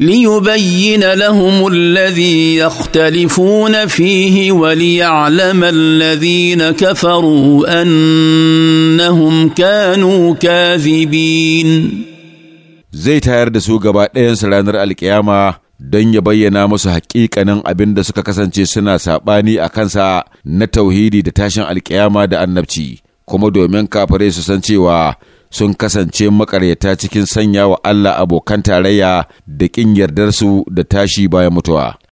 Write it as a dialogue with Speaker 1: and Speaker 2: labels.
Speaker 1: ليبين لهم الذي يختلفون فيه وليعلم الذين كفروا انهم كانوا كاذبين
Speaker 2: zai tayar da su gaba ɗayansu ranar alkiyama don ya bayyana musu haƙiƙanin abin da suka kasance suna saɓani a kansa na tauhidi da tashin alƙiyama da annabci kuma domin kafirai su san cewa sun kasance makaryata cikin sanya wa Allah abokan tarayya da ƙin yardarsu da tashi bayan mutuwa.